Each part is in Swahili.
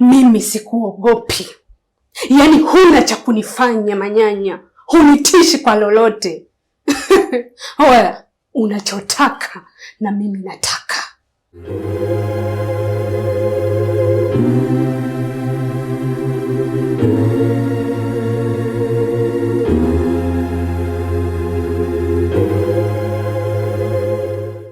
Mimi sikuogopi, yaani huna cha kunifanya manyanya, hunitishi kwa lolote Oya, unachotaka na mimi nataka.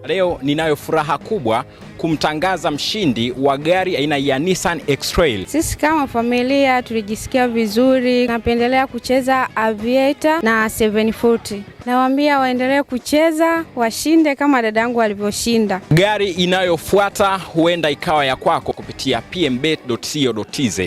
Leo ninayo furaha kubwa kumtangaza mshindi wa gari aina ya Nissan X-Trail. Sisi kama familia tulijisikia vizuri, napendelea kucheza Aviator na 740. Nawaambia waendelee kucheza washinde kama dadangu alivyoshinda. Gari inayofuata huenda ikawa ya kwako kupitia pmbet.co.tz.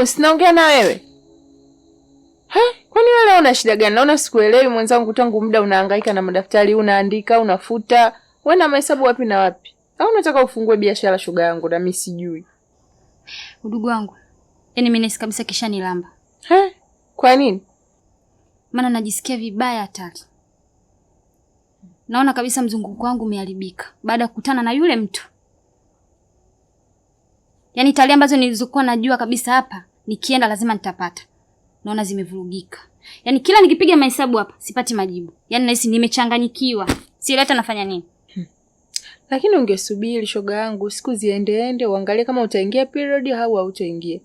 Mwalimu, sinaongea na wewe. Kwani wewe leo una shida gani? Naona sikuelewi mwenzangu, tangu muda unahangaika na madaftari, unaandika, unafuta, wewe na mahesabu wapi na wapi? Au unataka ufungue biashara, shoga yangu, na mimi sijui. Udugu wangu, yaani mimi kabisa kisha nilamba. He? Kwa nini? Maana najisikia vibaya hatari. Naona kabisa mzunguko wangu umeharibika baada ya kukutana na yule mtu. Yaani, talia ambazo nilizokuwa najua kabisa hapa nikienda lazima nitapata. Naona zimevurugika. Yaani kila nikipiga mahesabu hapa sipati majibu. Yaani nahisi nimechanganyikiwa. Sielewi hata nafanya nini. Hmm. Lakini ungesubiri shoga yangu, siku ziendeende uangalie kama utaingia period au hautaingia.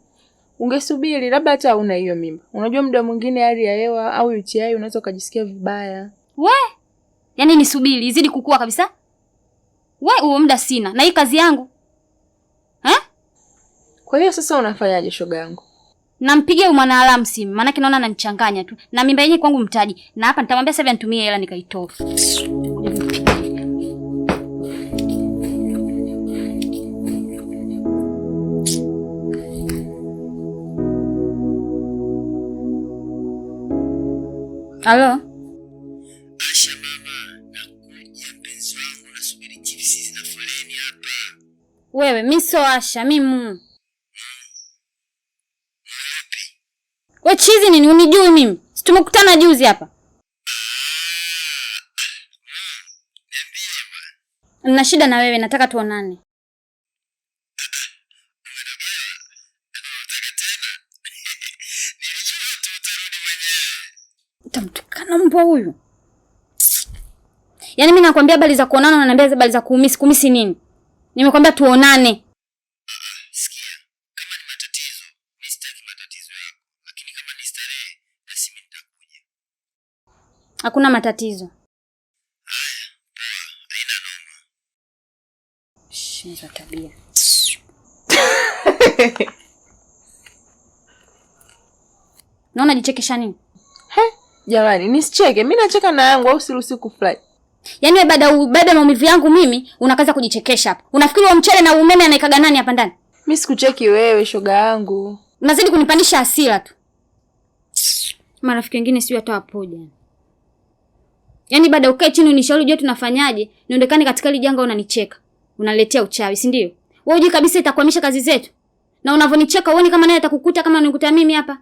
Ungesubiri labda hata hauna hiyo mimba. Unajua muda mwingine hali ya hewa au UTI unaweza ukajisikia vibaya. We! Yaani nisubiri izidi kukua kabisa? We, huo muda sina na hii kazi yangu. Eh? Kwa hiyo sasa unafanyaje shoga yangu? Nampigia huyu mwanaalamu simu, maanake naona ananichanganya tu na mimba yenyewe kwangu mtaji, na hapa nitamwambia sasa nitumie hela nikaitoa. Halo Asha, mama, nakuja mpenzi wangu, nasubiri chipsi zina foleni hapa. Wewe mi sio Asha, mi We chizi nini? Unijui mimi? Si tumekutana juzi hapa. Nina shida na wewe, nataka tuonane. Tamtukana mbwa huyu. Yaani mimi nakwambia habari za kuonana, unaniambia habari za kuumisi. Kumisi nini? Nimekwambia tuonane. Hakuna matatizo. Shindwa tabia. Naona jichekesha nini? He, jamani, nisicheke. mi nacheka na yangu au siruhusi kufurahi. Yaani wewe baada baada ya maumivu yangu mimi unakaza kujichekesha hapa. Unafikiri wa mchele na umeme anaikaga nani hapa ndani? Mimi sikucheki wewe shoga yangu. Unazidi kunipandisha hasira tu. Marafiki wengine sio hata wapo Yaani baada ukae chini unishauri ujue tunafanyaje, niondekane katika ile janga unanicheka. Unaletea uchawi, si ndio? Wewe uje kabisa itakwamisha kazi zetu. Na unavonicheka uone kama naye atakukuta kama unikuta mimi hapa.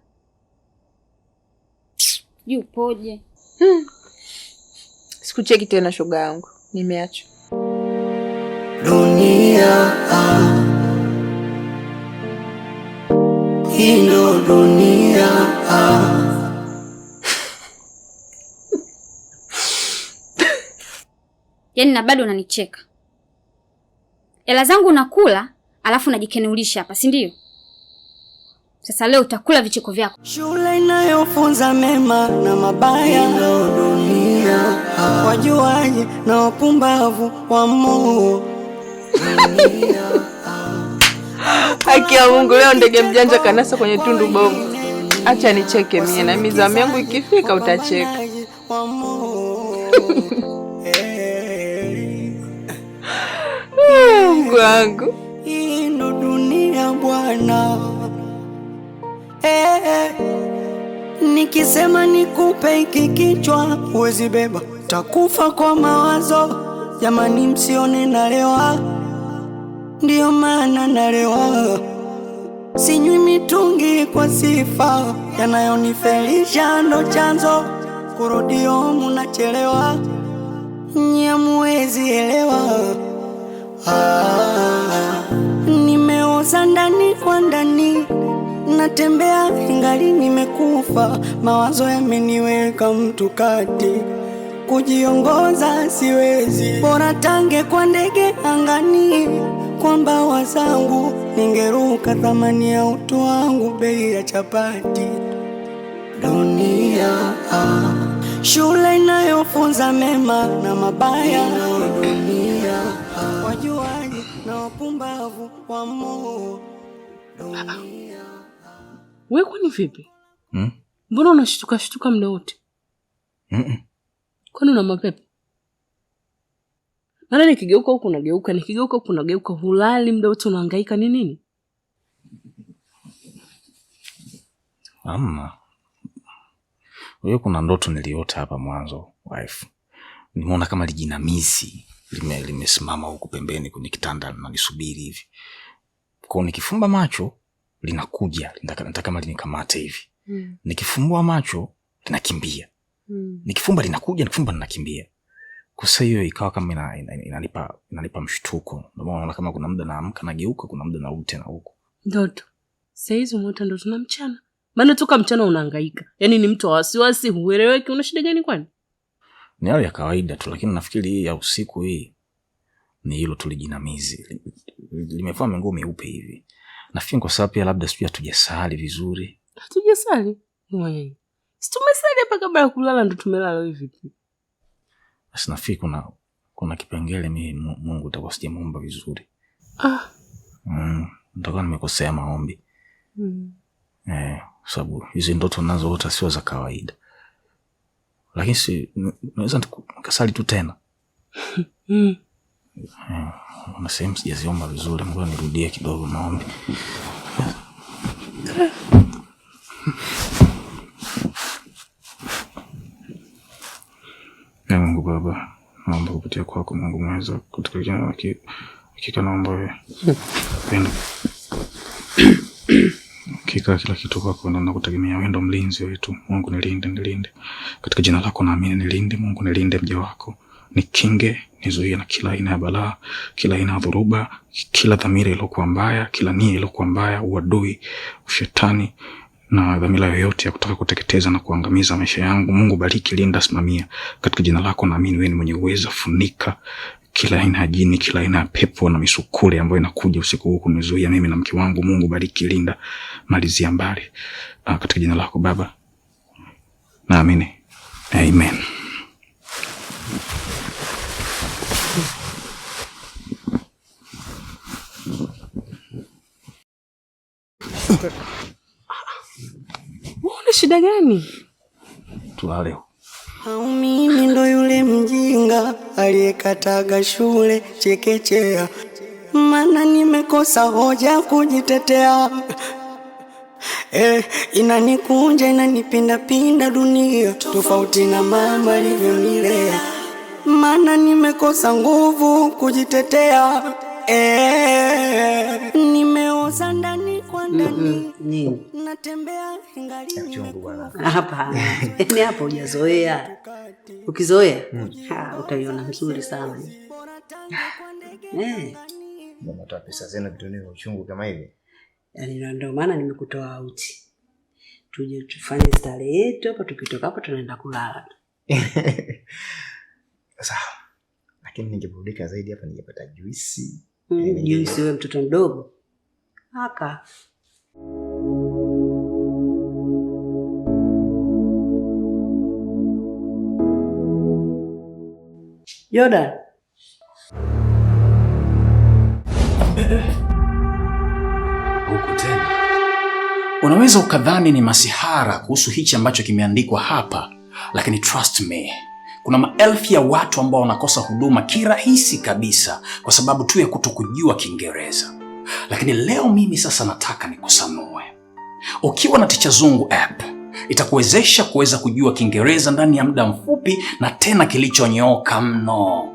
Yupoje? Hmm. Sikucheki tena shoga yangu. Nimeacha. Dunia ah. Hii ndo dunia ah. yaani na bado unanicheka. Hela zangu unakula, alafu unajikeneulisha hapa, si ndio? Sasa leo utakula vicheko vyako. Shule inayofunza mema na mabaya, dunia wajuaji na wapumbavu wa Mungu. Haki ya Mungu, leo ndege mjanja kanasa kwenye tundu bovu. Acha nicheke mie, na mizamu yangu ikifika utacheka. Mungu wangu, hii ndo dunia bwana. Eh, eh. nikisema nikupe hiki kichwa uwezi beba, takufa kwa mawazo. Jamani, msione nalewa, ndiyo maana nalewa, sinywi mitungi kwa sifa. Yanayonifelisha ndo chanzo, kurudio munachelewa, nyie muwezi elewa Nimeoza ndani kwa ndani, natembea ingali nimekufa. Mawazo yameniweka mtu kati, kujiongoza siwezi. Bora tange kwa ndege angani, kwa mbawa zangu ningeruka. Thamani ya utu wangu bei ya chapati. Dunia ah. Shule inayofunza mema na mabaya. Dunia wapumbavu wa dunia. Wewe kwani vipi? Mm? Mbona unashtuka shtuka muda wote? Mm -mm. Kwani una mapepo? Maana nikigeuka huku nageuka, nikigeuka huku nageuka, hulali mda wote unahangaika ni nini? Ama wewe kuna ndoto niliota hapa mwanzo wife. Nimeona kama lijinamisi limesimama huku pembeni kwenye kitanda nanisubiri hivi kwao. Nikifumba macho linakuja, nataka kama linikamate hivi mm. Nikifumbua macho linakimbia mm. Nikifumba linakuja, nikifumba linakimbia. Kwa hiyo ikawa kama ina, ina, ina inanipa mshtuko. Ndio kama kuna muda naamka nageuka, kuna muda narudi tena huku ndoto. sahizi hizi umeota ndoto na mchana, maana toka mchana unaangaika yaani ni mtu wa wasiwasi, hueleweki una shida gani kwani? ni hali ya kawaida tu, lakini nafikiri hii ya usiku hii ni hilo tulijinamizi lijinamizi limevaa miupe hivi. Nafikiri kwa sababu pia labda sijui hatujasali vizuri. Hatujasali mwenyewe, si hapa kabla ya kulala, ndo tumelala hivi. Basi nafikiri kuna kuna kipengele mimi Mungu itakuwa sijamuomba vizuri ah. Mm, nitakuwa nimekosea maombi mm. Eh, sababu hizi ndoto nazo hata sio za kawaida lakini si naweza nikasali tu tena mm. na sehemu sijaziomba vizuri, mbona nirudie kidogo maombi ya Mungu Baba, naomba kupitia kwako Mungu mweza kutukilikana, hakika naomba wewe hmm hakika kila kitu kwako na nakutegemea wewe, ndo mlinzi wetu. Mungu nilinde, nilinde katika jina lako, naamini nilinde. Mungu nilinde mja wako, nikinge, nizuie na kila aina ya balaa, kila aina ya dhuruba, kila dhamira iliyokuwa mbaya, kila nia iliyokuwa mbaya, uadui, ushetani na dhamira yoyote ya kutaka kuteketeza na kuangamiza maisha yangu. Mungu bariki, linda, simamia katika jina lako, naamini wewe ni mwenye uwezo. Funika kila aina ya jini, kila aina ya pepo na misukule ambayo inakuja usiku huu kunizuia mimi na mke wangu. Mungu bariki, linda, malizia mbali ah, katika jina lako Baba, naamini amen. Una shida gani? Tulale au mimi ndo yule mjinga aliyekataga shule chekechea, mana nimekosa hoja kujitetea. Eh, inanikunja inanipindapinda dunia tofauti na mama alivyonilea, mana nimekosa nguvu kujitetea. Eh, nimeoza nini ni yaani hapo, hujazoea. Ukizoea hmm. utaiona mzuri sana. Eh. Mnatoa pesa zenu vitu vya uchungu kama hivi, yaani ndio maana nimekutoa uti, tuje tufanye starehe yetu hapa. Tukitoka hapa tunaenda kulala. Sawa, lakini ningeburudika zaidi hapa, ningepata juisi. Hmm, juisi wewe mtoto mdogo aka Yoda. Unaweza ukadhani ni masihara kuhusu hichi ambacho kimeandikwa hapa, lakini trust me, kuna maelfu ya watu ambao wanakosa huduma kirahisi kabisa kwa sababu tu ya kutokujua Kiingereza. Lakini leo mimi sasa nataka nikusanue. Ukiwa na Ticha Zungu app itakuwezesha kuweza kujua Kiingereza ndani ya muda mfupi na tena kilichonyooka mno.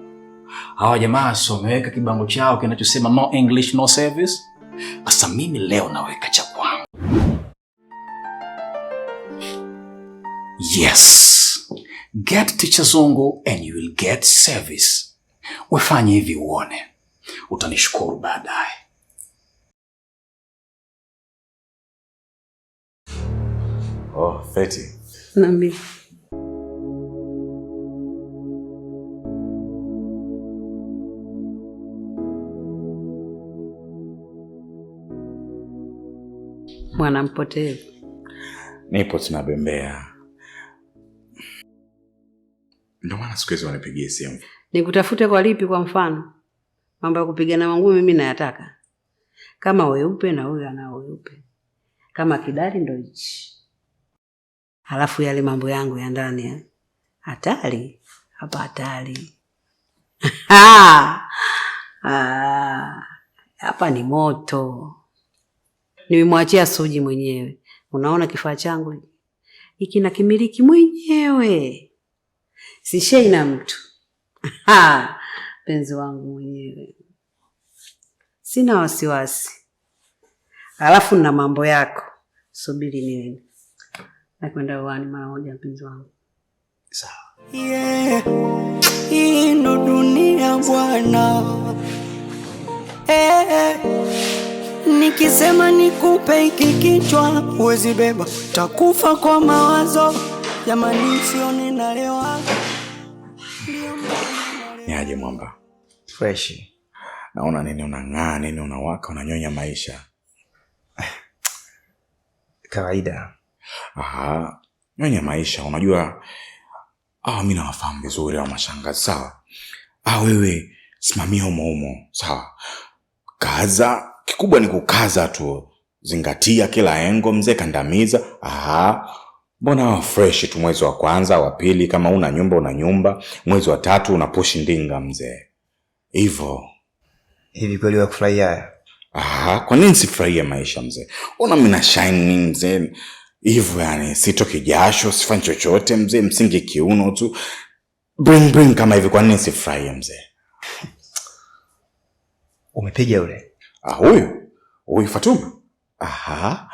Hawa jamaa so wameweka kibango chao kinachosema no English no service. Sasa mimi leo naweka cha kwangu. Yes. Get Ticha Zungu and you will get service. Wefanye hivi uone, utanishukuru baadaye. Oh, Mwana mpotevu. Nipo tunabembea. Ndio maana siku hizi wanipigie simu. Nikutafute kwa lipi kwa mfano? Mambo ya kupigana mangumi mimi nayataka. Kama weupe na huyo ana weupe. Kama kidari ndo hichi halafu yale mambo yangu ya ndani, eh? hatari hapa, hatari ah! Ah! hapa ni moto. Nimemwachia Suji mwenyewe. Unaona kifaa changu hiki na kimiliki mwenyewe, sishei na mtu penzi wangu mwenyewe, sina wasiwasi. alafu na mambo yako, subiri niwe na kwenda uani mara moja, mpenzi wangu. Sawa. Yeah, hii ndo dunia bwana. Hey, eh, eh, nikisema nikupe hiki kichwa huwezi beba, takufa kwa mawazo. Jamani, sioni nalewa. Niaje mwamba freshi, naona nini unang'aa, nini unawaka, unanyonya maisha eh, kawaida Aha, wenye maisha unajua, ah, mimi nawafahamu vizuri au mashangazi, sawa. Ah, wewe simamia umoumo sawa. Kaza, kikubwa ni kukaza tu, zingatia kila engo mzee, kandamiza. Aha, mbona awa fresh tu, mwezi wa kwanza, wa pili, kama una nyumba una nyumba, mwezi wa tatu una pushi ndinga mzee, hivyo hivi. Kweli wakufurahia Aha, kwa nini sifurahie maisha mzee? Ona mimi na shine mzee hivyo yani, sitoki jasho, sifanyi chochote mzee, msingi kiuno tu bring bring kama hivi. Kwa nini sifurahi mzee? Umepiga yule? Ah, huyu huyu Fatuma. Aha,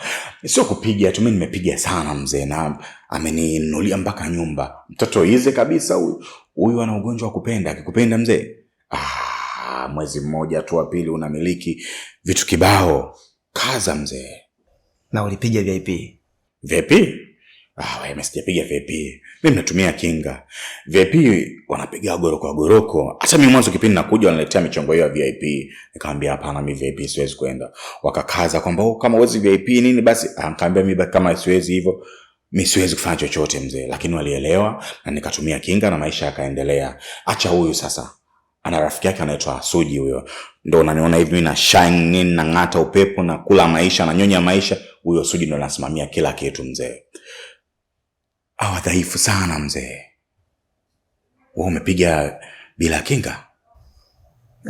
sio kupiga tu, mi nimepiga sana mzee, na ameninunulia mpaka nyumba. Mtoto ize kabisa huyu, huyu ana ugonjwa wa kupenda, akikupenda mzee, ah, mwezi mmoja tu wa pili unamiliki vitu kibao. Kaza mzee. Na ulipiga VIP? Vipi? Ah, wewe msijapiga vipi? Mimi natumia kinga. Vipi wanapiga goro kwa goroko. Hata mimi mwanzo kipindi nakuja wanaletea michongo hiyo ya VIP. Nikamwambia hapana, mimi VIP siwezi kwenda. Wakakaza kwamba oh, kama uwezi VIP nini basi, ah, nikamwambia mimi kama siwezi hivyo mimi siwezi kufanya chochote mzee, lakini walielewa na nikatumia kinga na maisha yakaendelea. Acha huyu sasa, ana rafiki yake anaitwa Suji, huyo Ndio unaniona hivi mimi na shine nini, ng'ata upepo na kula maisha na nyonya maisha huyo Sudi ndo anasimamia kila kitu mzee. Awa dhaifu sana mzee. Wewe umepiga bila kinga?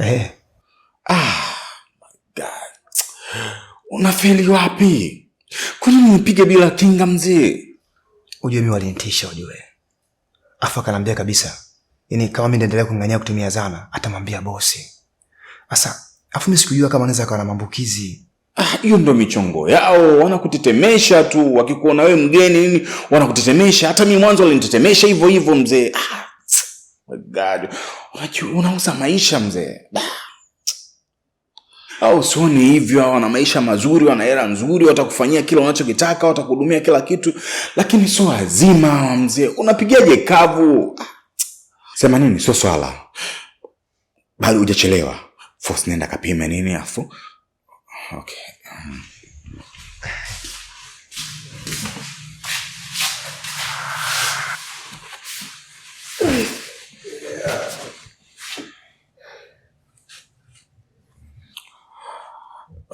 Eh. Ah, my God. Unafeli wapi? Kwa nini unipiga bila kinga mzee? Ujue mimi walinitisha ujue. Afu akanambia kabisa. Yaani kama mimi ndaendelea kung'ang'ania kutumia zana, atamwambia bosi. Sasa, afu mimi sikujua kama anaweza akawa na maambukizi. Ah, hiyo ah, ndo michongo yao, wanakutetemesha tu, wakikuona wewe mgeni nini, wanakutetemesha. Hata mimi mwanzo walinitetemesha hivyo hivyo mzee. Ah, God, unauza maisha mzee. Au sioni hivyo, hao wana maisha mazuri, wana hela nzuri, watakufanyia kila unachokitaka, watakuhudumia kila kitu, lakini sio lazima mzee. Unapigaje kavu? Ah, Sema nini, sio swala, bado hujachelewa. Force, nenda kapime nini afu Okay. Um,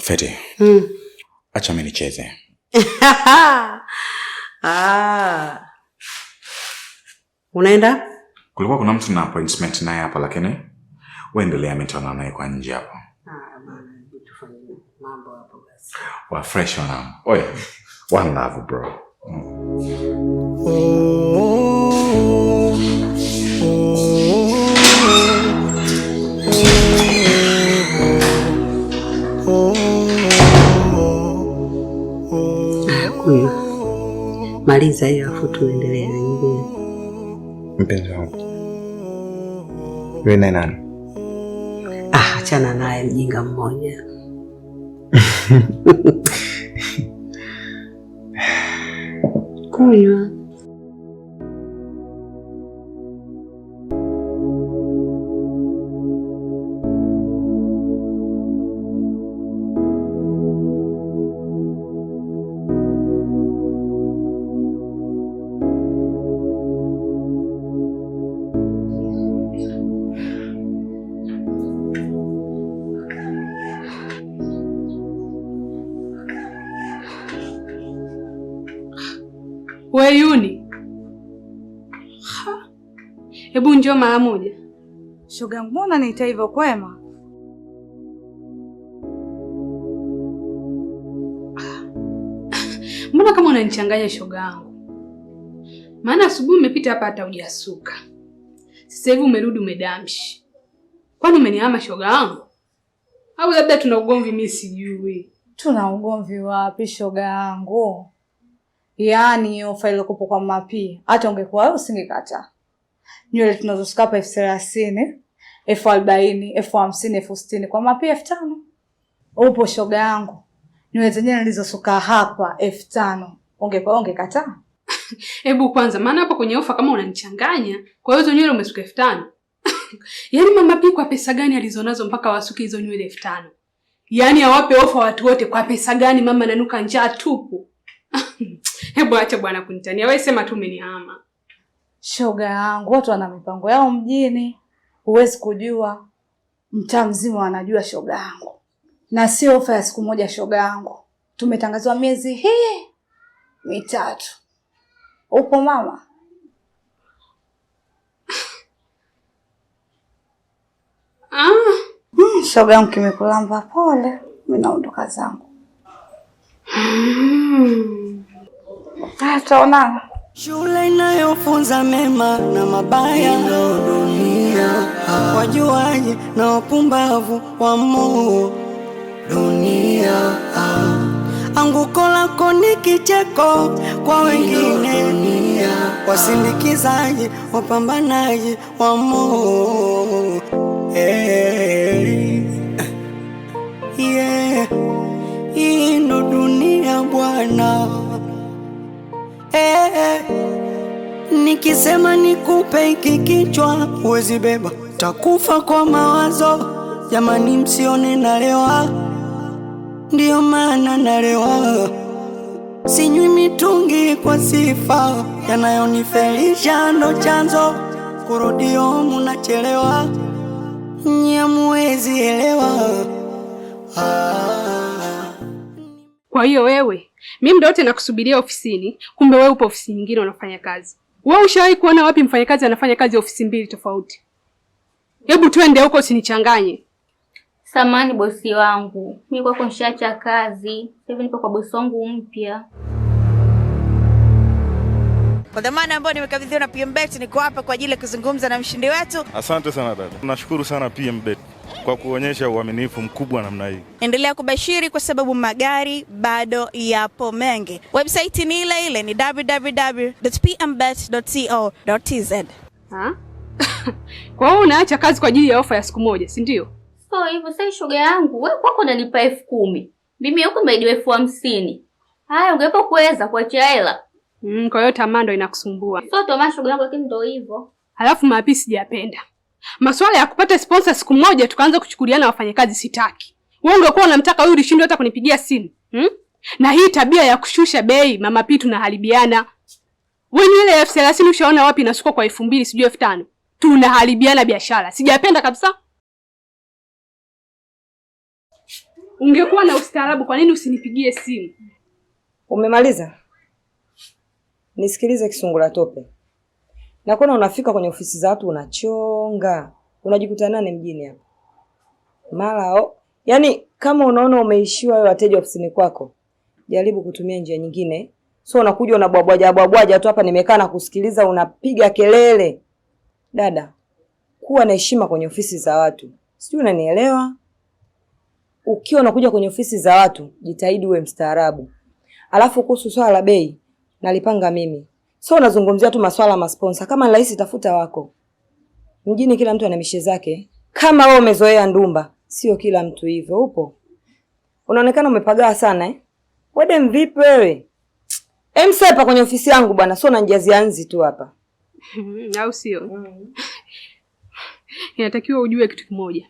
Feti. Hmm. Acha mimi nicheze. Ah. Unaenda? Kulikuwa kuna mtu na appointment naye hapa lakini wewe endelea, mtaonana naye kwa nje hapo. We're fresh on them. Oh yeah. One love, bro. Mm. Maliza hiyo afu tuendelee na nyingine. Mpenzi wangu. Ah, achana naye mjinga mmoja. kunywa We Yuni, hebu njoo mara moja. Shoga, mbona naita hivyo kwema? Ah. Mbona kama unanichanganya shoga yangu, maana asubuhi umepita hapa hata hujasuka, sasa hivi umerudi umedamshi. Kwani umeniama shoga yangu, au labda tuna ugomvi? Mimi sijui tuna ugomvi wapi shoga yangu. Yaani hiyo faili iliyokuwa kwa mapi, hata ungekuwa wewe usingekata. Nywele tunazosika hapa elfu thelathini, elfu arobaini, elfu hamsini, elfu sitini kwa mapi elfu tano. Upo shoga yangu. Nywele zenyewe nilizosuka hapa elfu tano. Ungekuwa ungekata? Hebu kwanza maana hapo kwenye ofa kama unanichanganya. Kwa hiyo hizo nywele umesuka elfu tano. Yaani mama Pi kwa pesa gani alizonazo mpaka wasuke hizo nywele elfu tano? Yaani awape ofa watu wote kwa pesa gani mama nanuka njaa tupu. Hebu acha bwana kunitania, wewe sema tu umenihama. Shoga yangu, watu wana mipango yao mjini, huwezi kujua. Mtaa mzima wanajua shoga yangu, na sio ofa ya siku moja. Shoga yangu, tumetangazwa miezi hii mitatu. Upo mama? Ah. Mm, shoga yangu, kimekulamba. Pole, mimi naondoka zangu. Tutaona shule inayofunza mema na mabaya, ndio dunia. Wajuaji na wapumbavu wa moo dunia. Anguko lako ni kicheko kwa wengine, wasindikizaji wapambanaji wamo hey. yeah. Eh, eh, hii ndo dunia bwana hey, eh, eh. Nikisema nikupe hiki kichwa huwezi beba, takufa kwa mawazo. Jamani, msione nalewa, ndiyo maana nalewa. Sinywi mitungi kwa sifa, yanayonifelisha ndo chanzo. Kurudio munachelewa, nyie muwezi elewa ah. Kwa hiyo wewe mimi muda wote nakusubiria ofisini, kumbe wewe upo ofisi nyingine unafanya kazi. Wewe ushawahi kuona wapi mfanyakazi anafanya kazi ofisi mbili tofauti? Hebu twende huko usinichanganye. Samani bosi wangu, mimi kwako nishaacha kazi, sasa hivi nipo kwa bosi wangu mpya. Kwa dhamana ambayo nimekabidhiwa na PMBet, niko hapa kwa ajili ya kuzungumza na mshindi wetu. Asante sana dada, nashukuru sana PMBet kwa kuonyesha uaminifu mkubwa namna hii. Endelea kubashiri kwa sababu magari bado yapo mengi. Website ni ile ile, ni www.pmbet.co.tz. Kwa hiyo unaacha kazi kwa ajili ya ofa ya siku moja, si ndio? So hivyo sai, shoga yangu, wewe kwako unanipa elfu kumi mimi huko nimeidiwa elfu hamsini Haya, ungepo kuweza kuachia hela mm. Kwa hiyo tamaa ndo inakusumbua. So tamaa, shoga yangu, lakini ndo hivyo. Halafu mapi sijapenda Masuala ya kupata sponsor siku moja tukaanza kuchukuliana wafanyakazi sitaki. Wewe ungekuwa unamtaka huyu ulishindwa hata kunipigia simu. Hmm? Na hii tabia ya kushusha bei mama pii tunaharibiana. Wewe ile elfu thelathini ushaona wapi inasukwa kwa elfu mbili sijui elfu tano. Tunaharibiana biashara. Sijapenda kabisa. Ungekuwa na ustaarabu, kwa nini usinipigie simu? Umemaliza? Nisikilize, kisungura tope na kuna unafika kwenye ofisi za watu unachonga, unajikuta nani mjini hapa mara. o. Yani kama unaona umeishiwa wewe wateja ofisini kwako, jaribu kutumia njia nyingine, so unakuja unabwabwaja bwabwaja tu hapa, nimekaa na kusikiliza, unapiga kelele. Dada, kuwa na heshima kwenye ofisi za watu, sijui unanielewa? Ukiwa unakuja kwenye ofisi za watu, jitahidi uwe mstaarabu. Alafu kuhusu swala la bei nalipanga mimi Sio nazungumzia tu maswala masponsa. Kama ni rahisi, tafuta wako mjini, kila mtu ana mishe zake. Kama wewe umezoea ndumba, sio kila mtu hivyo. Upo unaonekana umepagaa sana eh? Wede mvipi wewe? Msepa kwenye ofisi yangu bwana, sio nanjazia nzi tu hapa au sio? Inatakiwa ujue kitu kimoja,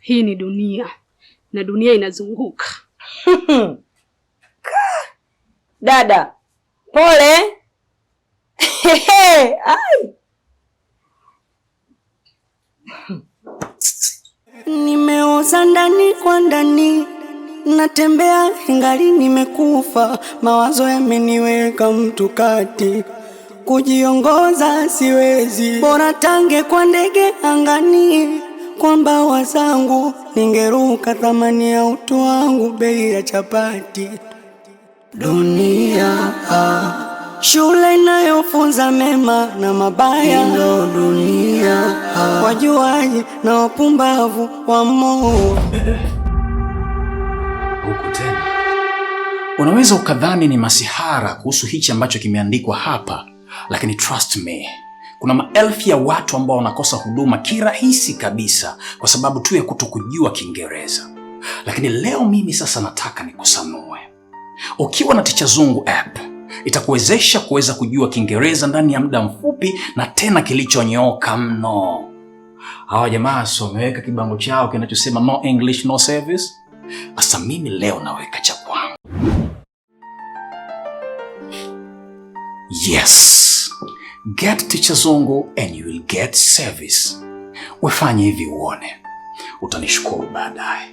hii ni dunia na dunia inazunguka. Dada pole Nimeoza ndani kwa ndani, natembea ingali nimekufa. Mawazo yameniweka mtu kati, kujiongoza siwezi. Bora tange kwa ndege angani, kwa mbawa zangu ningeruka. Thamani ya utu wangu bei ya chapati. Dunia ah shule inayofunza mema na mabaya, ndo dunia wajuaji na wapumbavu wa moo huku tena unaweza ukadhani ni masihara kuhusu hichi ambacho kimeandikwa hapa, lakini trust me, kuna maelfu ya watu ambao wanakosa huduma kirahisi kabisa kwa sababu tu ya kutokujua Kiingereza. Lakini leo mimi sasa nataka nikusanue, ukiwa na Ticha Zungu app itakuwezesha kuweza kujua Kiingereza ndani ya muda mfupi na tena kilichonyooka mno. Hawa jamaa si wameweka kibango chao kinachosema no English no service? Asa mimi leo naweka cha kwangu. Yes. Get teacher Zungu and you will get service. Wefanye hivi uone, utanishukuru baadaye.